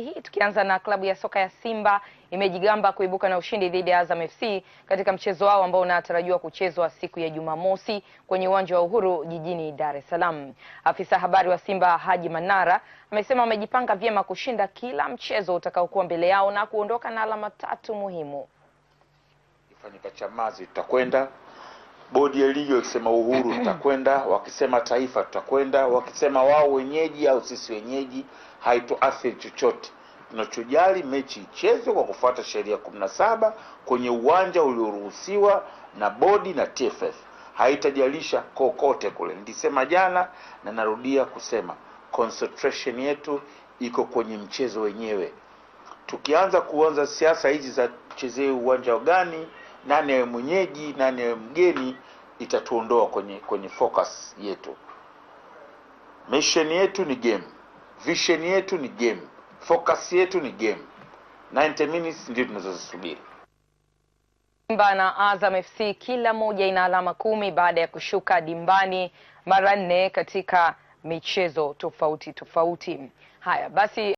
Hii tukianza na klabu ya soka ya Simba imejigamba kuibuka na ushindi dhidi ya Azam FC katika mchezo wao ambao unatarajiwa kuchezwa siku ya Jumamosi kwenye uwanja wa Uhuru jijini Dar es Salaam. Afisa habari wa Simba Haji Manara amesema wamejipanga vyema kushinda kila mchezo utakaokuwa mbele yao na kuondoka na alama tatu muhimu. Ifanyika Chamazi tutakwenda Bodi ya ligi wakisema uhuru tutakwenda, wakisema taifa tutakwenda, wakisema wao wenyeji au sisi wenyeji, haituathiri chochote. Tunachojali mechi ichezwe kwa kufuata sheria kumi na saba kwenye uwanja ulioruhusiwa na bodi na TFF, haitajalisha kokote kule. Nilisema jana na narudia kusema, concentration yetu iko kwenye mchezo wenyewe. Tukianza kuanza siasa hizi za chezee uwanja gani nani awe mwenyeji, nani awe mgeni, itatuondoa kwenye, kwenye focus yetu. Mission yetu ni game, vision yetu ni game, focus yetu ni game. 90 minutes ndio tunazozisubiri. Simba na Azam FC kila moja ina alama kumi baada ya kushuka dimbani mara nne katika michezo tofauti tofauti. Haya basi.